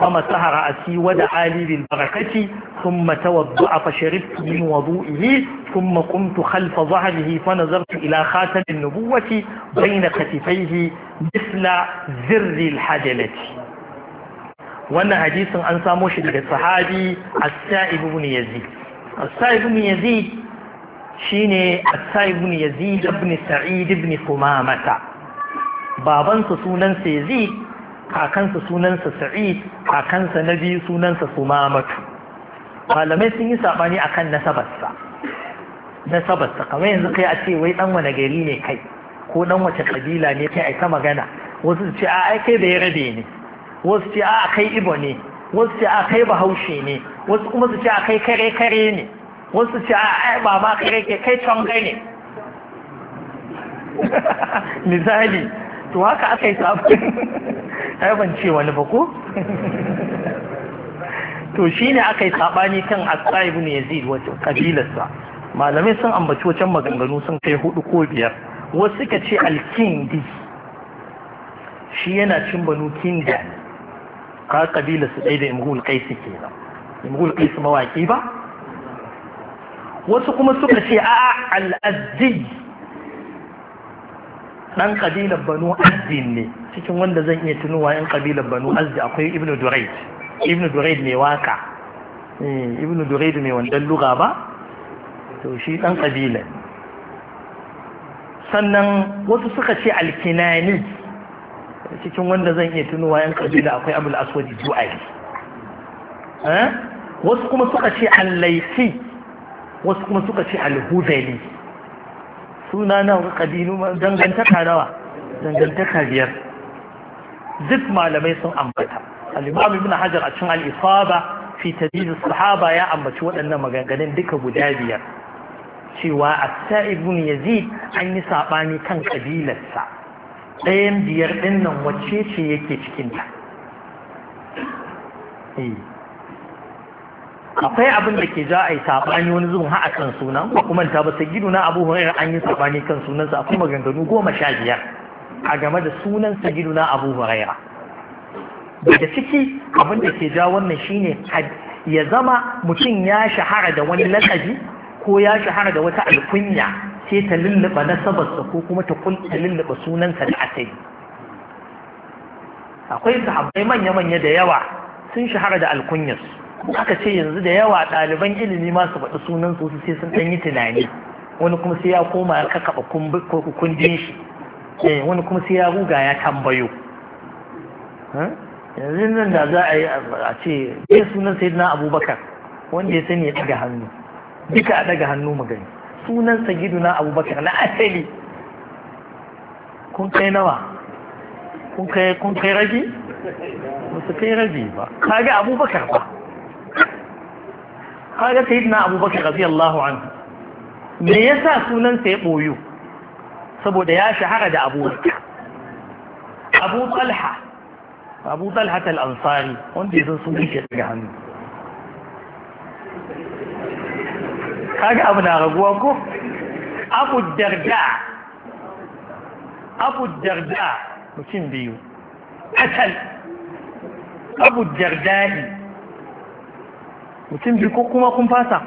سهر رأسي ودعا لي بالبركة ثم توضأ فشربت من وضوئه ثم قمت خلف ظهره فنظرت إلى خاتم النبوة بين كتفيه مثل زر الحجلة وانا حديث عن ساموش shi السائب بن يزيد السائب بن يزيد شيني السائب بن يزيد shine سعيد saib قمامة babansa sunansa yazid kakansa sunansa sa'id kakansa na biyu sunansa mamatu. malamai sun yi saɓani akan nasabarsa nasabarsa kamar yanzu kai a ce wai ɗan wane gari ne kai ko ɗan wace kabila ne kai ai ta magana wasu su ce a ai kai bai rabe ne wasu ce a kai ibo ne wasu ce a kai bahaushe ne wasu kuma su ce a kai kare kare ne wasu ce a ai ba ma kare kai tonga ne misali to haka aka yi sabbin ban ce wani ba ko to ne aka yi sabani kan Aqsa ibn Yazid wata kabilarsa malamai sun ambaci wacan maganganu sun kai hudu ko biyar wasu suka ce alkindi shi yana cin banu Kinda ka kabila su ɗaya da Imrul ke kenan Imhul Qais mawaki ba wasu kuma suka ce a'a al dan kabilar banu azdin ne cikin wanda zan iya tunuwa yan kabilar banu azdi akwai ibnu duraid ibnu duraid mai waka eh, ibnu duraid mai wandan luga ba to shi dan kabilar sannan wasu suka ce alkinani cikin wanda zan iya tunuwa yan kabila akwai abul aswad ju'ali eh, wasu kuma suka ce al wasu kuma suka ce al suna na ma dangantaka nawa dangantaka biyar duk malamai sun ambata al-imam ibn hajar a cikin al-isaba fi tadid sahaba ya ambaci waɗannan maganganun duka guda biyar cewa as-sa'ib ibn yazid an yi sabani kan kabilarsa ɗayan biyar ɗin nan ce yake cikin ta eh. akwai abin da ke za a yi saɓani wani zuwa ha a kan sunan ba kuma ta ba sai gidu na abu an yi saɓani kan sunansa kuma maganganu goma sha biyar a game da sunan sa gidu na abu hurairar daga ciki abin da ke ja wannan shine ya zama mutum ya shahara da wani lakabi ko ya shahara da wata alkunya sai ta lullaba nasabarsa ko kuma ta lullaba sunansa da asali akwai sahabbai manya-manya da yawa sun shahara da alkunyarsu aka ce yanzu da yawa ɗaliban ilimi ma su faɗi sunan su sai sun ɗan yi tunani wani kuma sai ya koma ya kakaɓa kundin shi eh, wani kuma sai ya ruga ya tambayo yanzu nan da za a yi a ce bai sunan sai na abubakar wanda ya sani ya ɗaga hannu duka a ɗaga hannu mu gani sunan sagidu na abubakar na asali kun kai nawa kun kai rabi ba su kai rabi ba ga abubakar ba kaga sayyidina abubakar radiyallahu anhu me yasa sunan sa ya boyo saboda ya shahara da abu abu talha abu talha al-ansari wanda yazo sun sunan daga hannu kaga abu na raguwa ko abu darda abu darda mutum biyu hatal abu jardani mutum biyu ko kuma kun fasa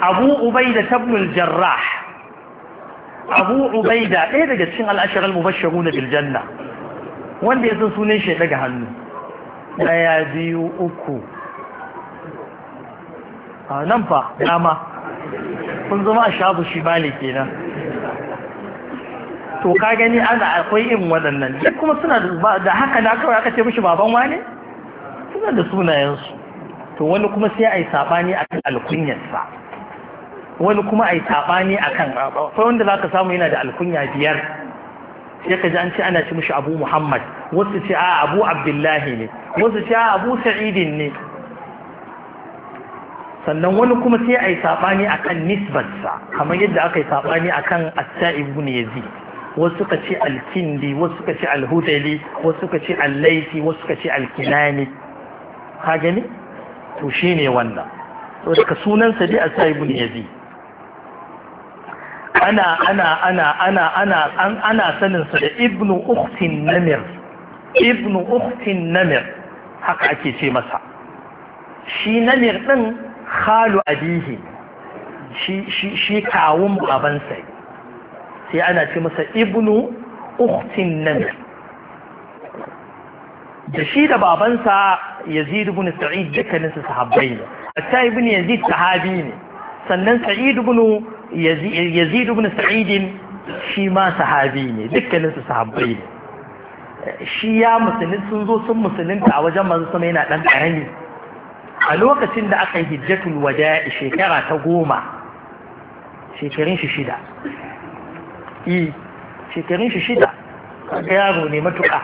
abu ubaida tabnul jarrah abu da ɗaya daga cikin al'ashirar mubasharu na biljanna wanda ya san sunan shi daga hannu ɗaya biyu uku a nan fa dama kun zama a shabu shi mali kenan to ka gani ana akwai in waɗannan duk kuma suna da haka na kawai aka ce mushi baban wane suna da sunayensu to wani kuma sai a yi saɓani a kan alkunyarsa wani kuma a yi saɓani a kan akwai wanda za ka samu yana da alkunya biyar sai ka ji an ce ana ce mushi abu muhammad wasu ce a abu abdullahi ne wasu ce a abu sa'idin ne sannan wani kuma sai a yi saɓani a kan nisbarsa kamar yadda aka yi saɓani a kan assa ibn yazid wasu suka ce alkindi wasu suka ce alhudali wasu suka ce allaiti wasu suka ce alkinani ka gani to shi ne wannan to daga sunansa dai a sa ibn yazi ana ana ana ana ana an ana sanin sa da ibnu ukhtin namir ibnu ukhtin namir haka ake ce masa shi namir din khalu abihi shi shi shi kawun baban sai sai ana ce masa ibnu uktin namir da shi da babansa yazid ibn sa'id dukkanin su sahabbai ne hatta ibn yazid sahabi ne sannan sa'id ibn yazid ibn sa'id shi ma sahabi ne dukkanin su sahabbai ne shi ya musulun sun zo sun musulunta a wajen manzo sama yana dan karami a lokacin da aka yi hijjatul waje shekara ta goma shekarun shi shida yi e, shekarun shi shida kaga yaro ne matuƙa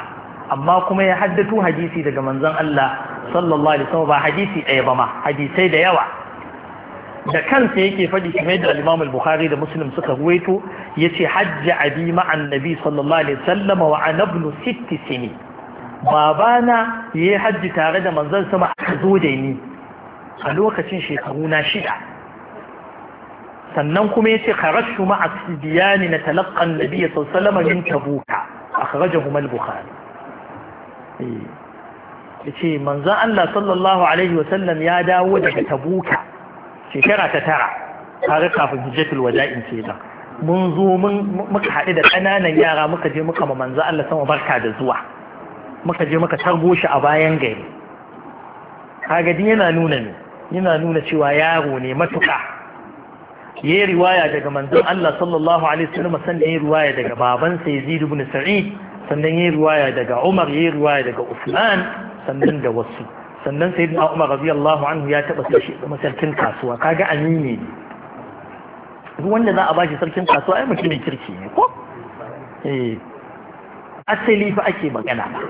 amma kuma ya haddatu hadisi daga manzon Allah sallallahu alaihi wasallam ba hadisi ɗaya ba ma hadisai da yawa da kansa yake faɗi kamar da al-Imam al-Bukhari da Muslim suka ruwaito yace hajja abi ma'an nabi sallallahu alaihi wasallam wa ana ibn sitti sini babana yayi hajji tare da manzon sama aka zo da ni a lokacin shekaru na shida sannan kuma yace kharashu ma sibiyani na talaqan nabiy sallallahu alaihi wasallam min tabuka akhrajahu al-bukhari eh, yace manzon Allah sallallahu alaihi wasallam ya dawo daga tabuka shekara ta tara Kare kafin hijjatul wada'in ce da mun zo mun muka haɗu da ƙananan yara muka je muka ma manzo Allah sama barka da zuwa muka je muka targo shi a bayan gari kaga din yana nuna ne yana nuna cewa yaro ne matuƙa ya riwaya daga manzon Allah sallallahu alaihi wasallam sannan ya riwaya daga babansa Yazid ibn Sa'id sannan ya riwaya daga Umar ya riwaya daga Uthman sannan da wasu sannan sayyidina Umar radiyallahu anhu ya taba sai masarkin kasuwa kaga amini duk wanda za a bashi sarkin kasuwa ai mutumin kirki ne ko eh asali fa ake magana ba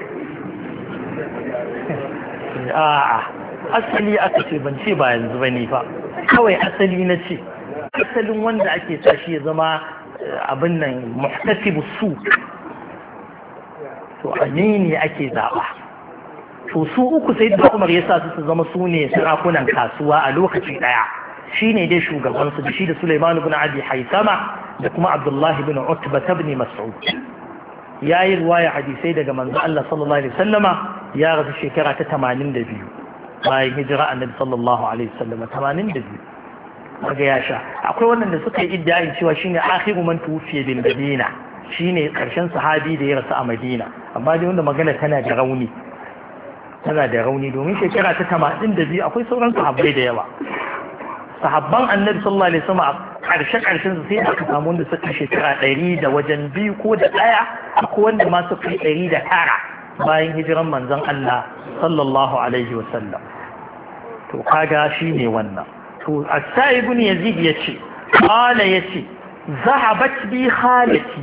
a'a asali aka ce ban ce ba yanzu bane fa kawai asali na ce asalin wanda ake sa shi ya zama eh, abin nan muhtasibu su to a ne ake zaba to su uku sai da Umar ya sa su su zama su ne sarakunan kasuwa a lokaci daya shine dai shugaban su shi da Sulaiman ibn Abi Haitama da kuma Abdullah ibn Utba ibn Mas'ud yayi ruwaya hadisai daga manzo Allah sallallahu alaihi wasallama ya rasu shekara ta 82 bayan hijira annabi sallallahu alaihi wasallama 82 kaga ya sha akwai waɗanda suka yi iddiayin cewa shine akhiru man tufiya bil madina shine karshen sahabi da ya rasu a madina amma dai wanda magana tana da rauni tana da rauni domin shekara ta tamanin da biyu akwai sauran sahabbai da yawa sahabban annabi sallallahu alaihi wasallam karshe karshen sai aka samu wanda suka shekara ɗari da wajen biyu ko da ɗaya ko wanda ma suka yi ɗari da tara bayan hijiran manzon Allah sallallahu alaihi wasallam to kaga shine wannan to asa ibn yazid ya ce ƙala ya ce zahabat bi halati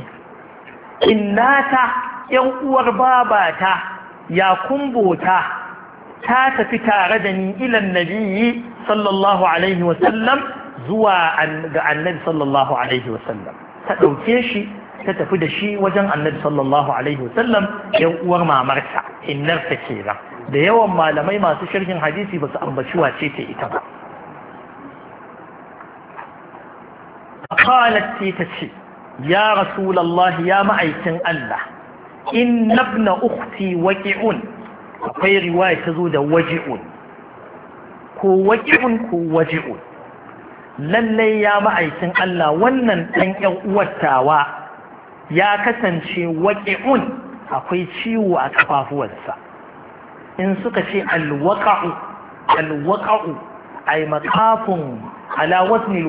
innata yan uwar babata ya kumbota ta tafi tare da ni ilan nabiyyi sallallahu alaihi wasallam zuwa ga annabi sallallahu alaihi wasallam ta ɗauke shi ta tafi da shi wajen annabi sallallahu alaihi wasallam yan uwar mamarta, innarsa ke da yawan malamai masu sharhin hadisi ba su ambaci wace ita ba فقالت تيتشي يا ya الله ya ma'aikin Allah in ابن أختي وجعون akwai riwaya ta zo da waji'un ko waji'un ko waji'un lallai ya ma'aikin Allah wannan ɗan yar uwattawa ya kasance waji'un akwai ciwo a kafafuwarsa in suka ce alwaqa'u alwaqa'u ay makafun ala wazni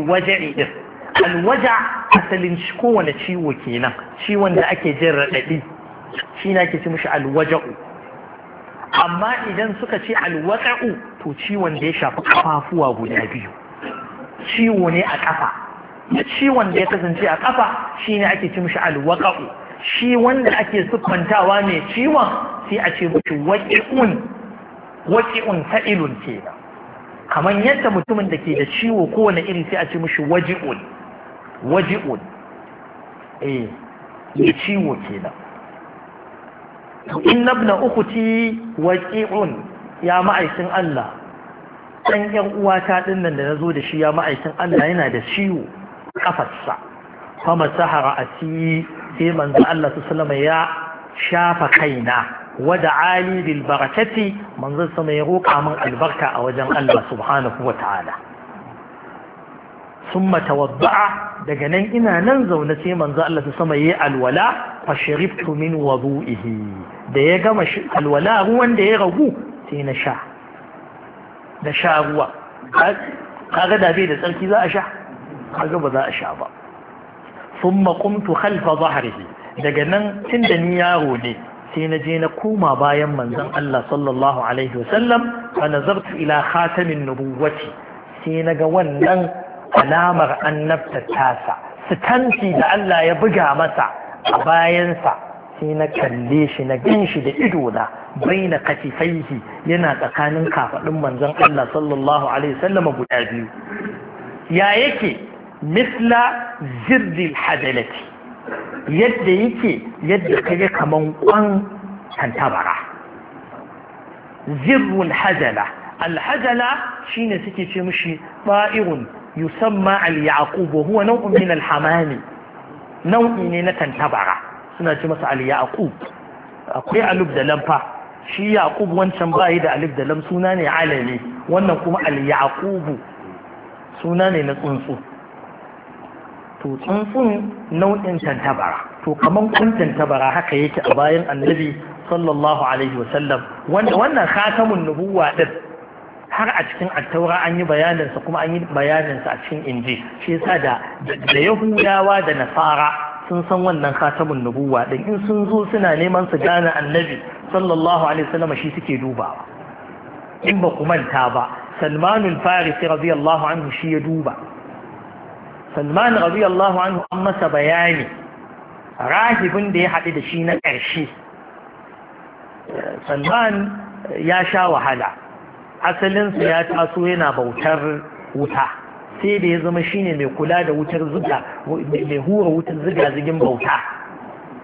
alwaja asalin shi kowane ciwo kenan ciwon da ake jin raɗaɗi shi na ke ci mishi alwaja'u amma idan suka ce alwaja'u to ciwon da ya shafi kafafuwa guda biyu ciwo ne a kafa ciwon da ya kasance a kafa shi ne ake ci mishi alwaja'u shi wanda ake siffantawa ne ciwon sai a ce mishi waƙi'un waƙi'un fa'ilun kenan kamar yadda mutumin da ke da ciwo kowane iri sai a ce mishi waji'un waji'un eh ya ciwo kenan to inna ibn ukhti waqi'un ya ma'aikin Allah dan yan uwata ɗinnan da da nazo da shi ya ma'aikin Allah yana da ciwo kafarsa kuma sahara ati sai manzo Allah sallallahu ya shafa kaina wada ali bil barakati manzon sama ya roƙa min albarka a wajen Allah subhanahu wataala ثم توضع daga nan ina nan zaune sai manzo Allah sama yayi alwala fa sharibtu min wudu'ihi da ya gama alwala ruwan da ya ragu sai na sha ruwa kaga da bai da tsarki za a sha kaga ba za a sha ba thumma qumtu khalfa dhahrihi daga nan tunda ni yaro ne sai na je na koma bayan manzon Allah sallallahu alaihi ila khatamin nubuwati sai na ga wannan alamar annabta tasa sitanti da Allah ya buga masa a bayansa sai na kalle shi na gan shi da idona bai na katifaihi yana tsakanin kafaɗin manzon Allah sallallahu alaihi sallama guda biyu ya yake misla zirril hadalati yadda yake yadda kaje kaman kwan tantabara zirrul hadala alhajala shine suke ce mushi ba'irun yusamma al-yaqub huwa nau'un min hamami nau'i ne na tantabara suna ce masa al-yaqub akwai alif da lamfa shi yaqub wancan bai da alif da lam suna ne wannan kuma suna ne na tsuntsu to tsuntsun nau'in tantabara to kaman kun tantabara haka yake a bayan annabi sallallahu alaihi wasallam wannan khatamun nubuwa din har a cikin attaura an yi bayaninsa kuma an yi bayaninsa a cikin inji shi yasa da da yahudawa da nasara sun san wannan khatamun nubuwa din in sun zo suna neman su gane annabi sallallahu alaihi wasallam shi suke dubawa in ba ku manta ba salmanul farisi radiyallahu anhu shi ya duba salman radiyallahu anhu an masa bayani rahibin da ya haɗu da shi na ƙarshe salman ya sha wahala asalinsa ya taso yana bautar wuta sai da ya zama shine mai kula da wutar zuga mai hura wutar zuga zigin bauta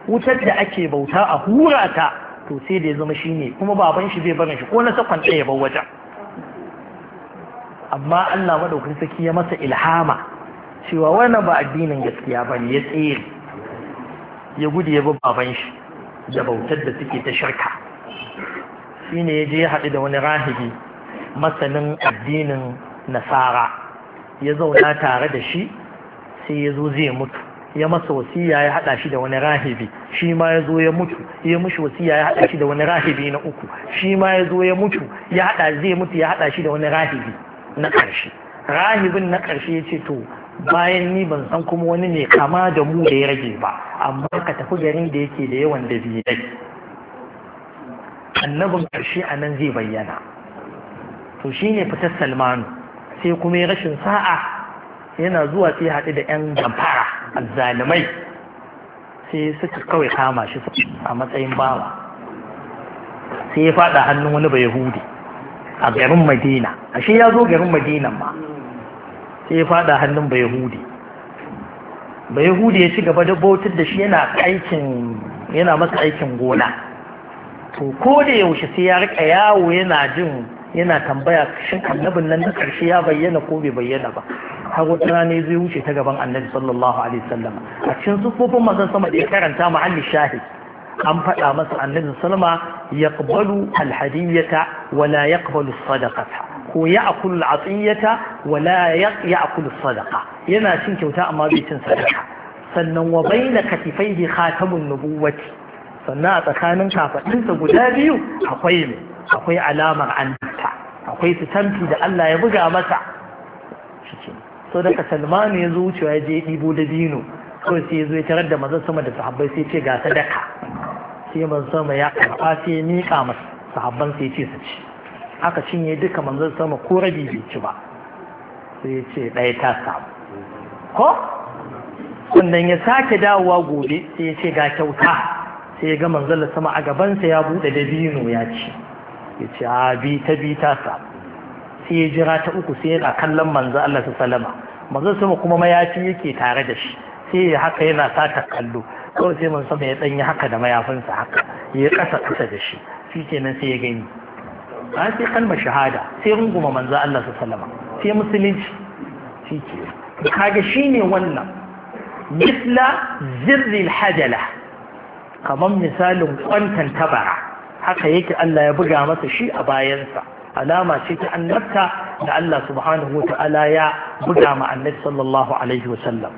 wutar da ake bauta a hura ta to sai da ya zama shine kuma baban shi zai barin shi ko na sakon ɗaya ba wajen amma Allah madaukakin saki ya masa ilhama cewa wannan ba addinin gaskiya bane ya tsere ya gudu ya bi baban shi da bautar da suke ta shirka shine ya je ya haɗu da wani rahibi masanin addinin nasara ya zauna tare da shi sai ya zo zai mutu ya masa wasiya ya hada shi da wani rahibi shi ma ya zo ya mutu ya mushi wasiya ya hada shi da wani rahibi na uku shi ma ya zo ya mutu ya hada zai mutu ya hada shi da wani rahibi na karshe rahibin na karshe ya ce to bayan ni ban san kuma wani ne kama da mu da ya rage ba amma ka tafi garin da yake da yawan da biyar annabin karshe a nan zai bayyana to shi ne fitar salmanu sai kuma yi rashin sa'a yana zuwa sai haɗu da 'yan zamfara azzalumai sai suka kawai kama shi a matsayin bawa sai ya faɗa hannun wani bai hudu a garin madina shi ya zo garin madina ma sai ya faɗa hannun bai hudu bai hudu ya ci gaba da bautar da shi yana aikin yana masa aikin gona to ko da yaushe sai ya rika yawo yana jin yana tambaya shin annabin nan na karshe ya bayyana ko bai bayyana ba har wata rana zai wuce ta gaban annabi sallallahu alaihi wasallam a cikin sufofin manzon sama da ya karanta mahallin shahid an faɗa masa annabi sallama yaqbalu alhadiyata wa la yaqbalu sadaqata ko ya'kulu al'atiyata wa la ya'kulu sadaqa yana cin kyauta amma bai cin sadaqa sannan wa baina katifaihi khatamun nubuwati sannan a tsakanin kafaɗinsa guda biyu akwai akwai alamar annabi akwai sitamfi da Allah ya buga masa so daga salmanu ya zo wucewa ya je ɗibo da dino kawai sai ya zo ya tarar da mazan sama da sahabbai sai ce ga sadaka sai man sama ya karɓa sai ya miƙa masa sahabban sai ce su ci aka cinye duka manzan sama ko rabi bai ci ba sai ya ce ɗaya ta samu ko wannan ya sake dawowa gobe sai ya ce ga kyauta sai ya ga manzan sama a gabansa ya buɗe dabino ya ci ya ce a bi ta bi ta sa sai ya jira ta uku sai yana kallon manzo Allah su salama manzo sama kuma mayafi yake tare da shi sai ya haka yana sata kallo kawai sai manzo sama ya danyi haka da mayafinsa haka ya kasa kasa da shi shi kenan sai ya gani a sai kalmar shahada sai runguma manzo Allah su salama sai musulunci shi ke kaga ne wannan misla zirri hajala kamar misalin kwantan tabara haka yake Allah ya buga masa shi a bayansa alama ce ta annabta da Allah subhanahu wa ta'ala ya buga ma annabi sallallahu alaihi wa sallam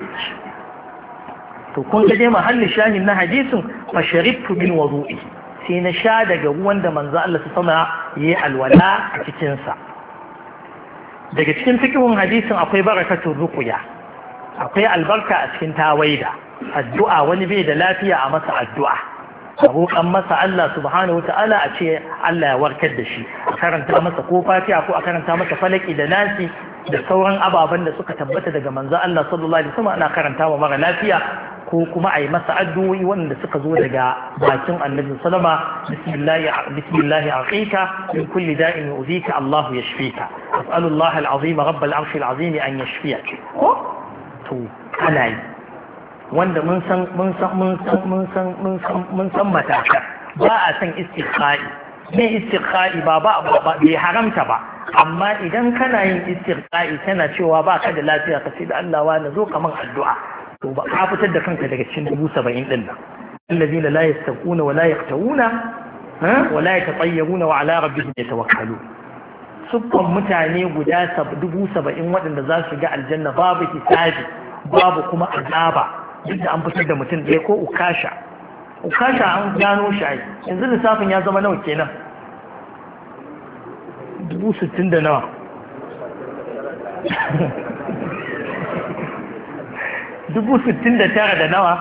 to kun ga dai mahallin shahin na hadisin fa sharibtu min wudu'i sai na sha daga ruwan da manzo Allah sama yayi alwala a cikin sa daga cikin fikihun hadisin akwai barakatun ruqya akwai albarka a cikin tawaida addu'a wani bai da lafiya a masa addu'a a an masa Allah subhanahu wa ta'ala a ce Allah ya warkar da shi a karanta masa ko fatiha ko a karanta masa falaki da nasi da sauran ababen da suka tabbata daga manzo Allah sallallahu alaihi wasallam ana karanta wa mara lafiya ko kuma a yi masa addu'o'i wanda suka zo daga bakin annabi sallama bismillahi bismillahi aqika min kulli da'in yu'dika Allah yashfika as'alullahi al-azim rabb al-arsh al-azim an yashfiyak ko to ana yi wanda mun san mun san mun san mun san mun san mun san mataka ba a san istikhai ne istikhai ba ba ba bai haramta ba amma idan kana yin istikhai kana cewa ba ka da lafiya ka ce da Allah wa na zo kaman addu'a to ba ka fitar da kanka daga cikin dubu saba'in din nan allazina la yastaquna wa la yaqtawuna wa la yatayyabuna wa ala rabbihim yatawakkalu siffan mutane guda dubu saba'in waɗanda za su ga aljanna babu hisabi babu kuma azaba duk da an fitar da mutum ɗaya ko ukasha ukasha an gano shi ai yanzu lissafin ya zama nawa kenan dubu sittin da nawa dubu sittin da tara da nawa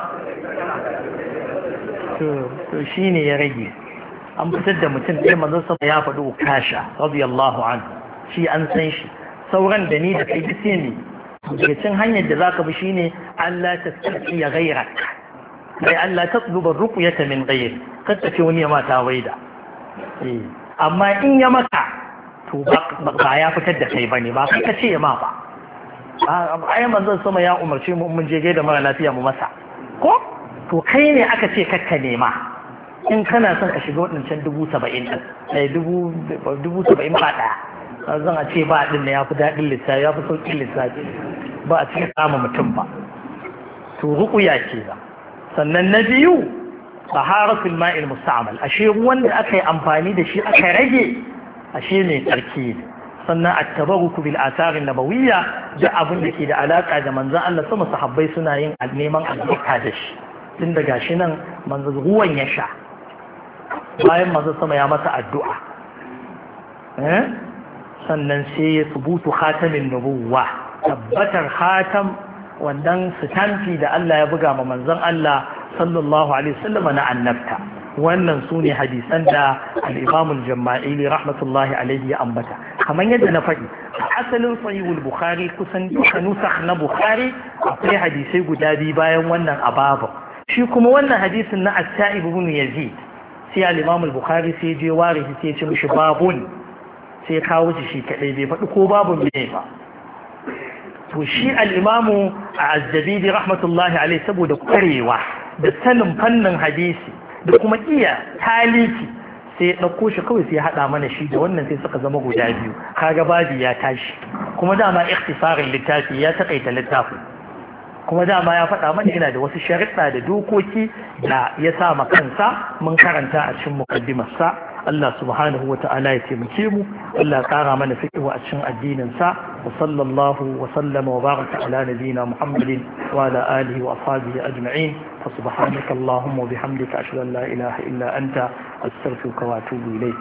to shi ne ya rage an fitar da mutum ɗaya mazo sama ya faɗi ukasha radiyallahu an shi an san shi sauran da ni da kai duk ne daga cin hanyar da za ka bi shine Allah ta tsarki ya gaira bai Allah ta zuba rukun ya tamin gairi kanta ce wani ya mata waida amma in ya maka to ba ya fitar da kai ba ne, ba kai ka ce ya ma ba ai manzan sama ya umarci mu mun je da mara lafiya mu masa ko to kai ne aka ce kakka nema in kana son ka shiga waɗancan dubu saba'in ɗin ai dubu saba'in ba ɗaya zan a ce ba ɗin na ya fi daɗin lissafi ya fi sauƙin lissafi ba a cikin kama mutum ba to ruƙuya ke ba sannan na biyu taharatul ma'il musta'mal ashe ruwan da aka yi amfani da shi aka rage ashe mai tsarki ne sannan at bil atharin nabawiyya da abin da ke da alaka da manzon Allah sama sahabbai suna yin neman albarka da shi tun da gashi nan manzon ruwan ya sha bayan manzon sama ya masa addu'a eh? sannan sai ya subutu khatamin nubuwa tabbatar khatam wannan sitanti da Allah ya buga ma manzon Allah sallallahu alaihi wasallam na annabta wannan su ne hadisan da al-Imam al-Jama'ili rahmatullahi alaihi ya ambata kamar yadda na faɗi a asalin al Bukhari kusan duka nusakh na Bukhari akwai hadisai guda biyu bayan wannan ababa shi kuma wannan hadisin na At-Ta'ib ibn Yazid sai al-Imam al-Bukhari sai je ware sai ya ce mishi babun sai ya kawo shi kadai bai faɗi ko babun ne ba to shi al'imamu a azzabidi rahmatullahi alai saboda kwarewa da sanin fannin hadisi da kuma iya taliki sai ya ɗauko shi kawai sai ya haɗa mana shi da wannan sai suka zama guda biyu kaga babi ya tashi kuma dama iktisarin littafi ya takaita littafi kuma dama ya faɗa mana yana da wasu sharuɗa da dokoki da ya sa ma kansa mun karanta a cikin mukaddimarsa Allah subhanahu wa ta'ala ya taimake mu Allah ƙara mana fiƙi a cikin addinin sa wa sallallahu wa sallama wa baraka ala nabiyina Muhammadin wa ala alihi wa ashabihi ajma'in fa subhanaka allahumma wa bihamdika ashhadu an la ilaha illa anta astaghfiruka wa atubu ilaik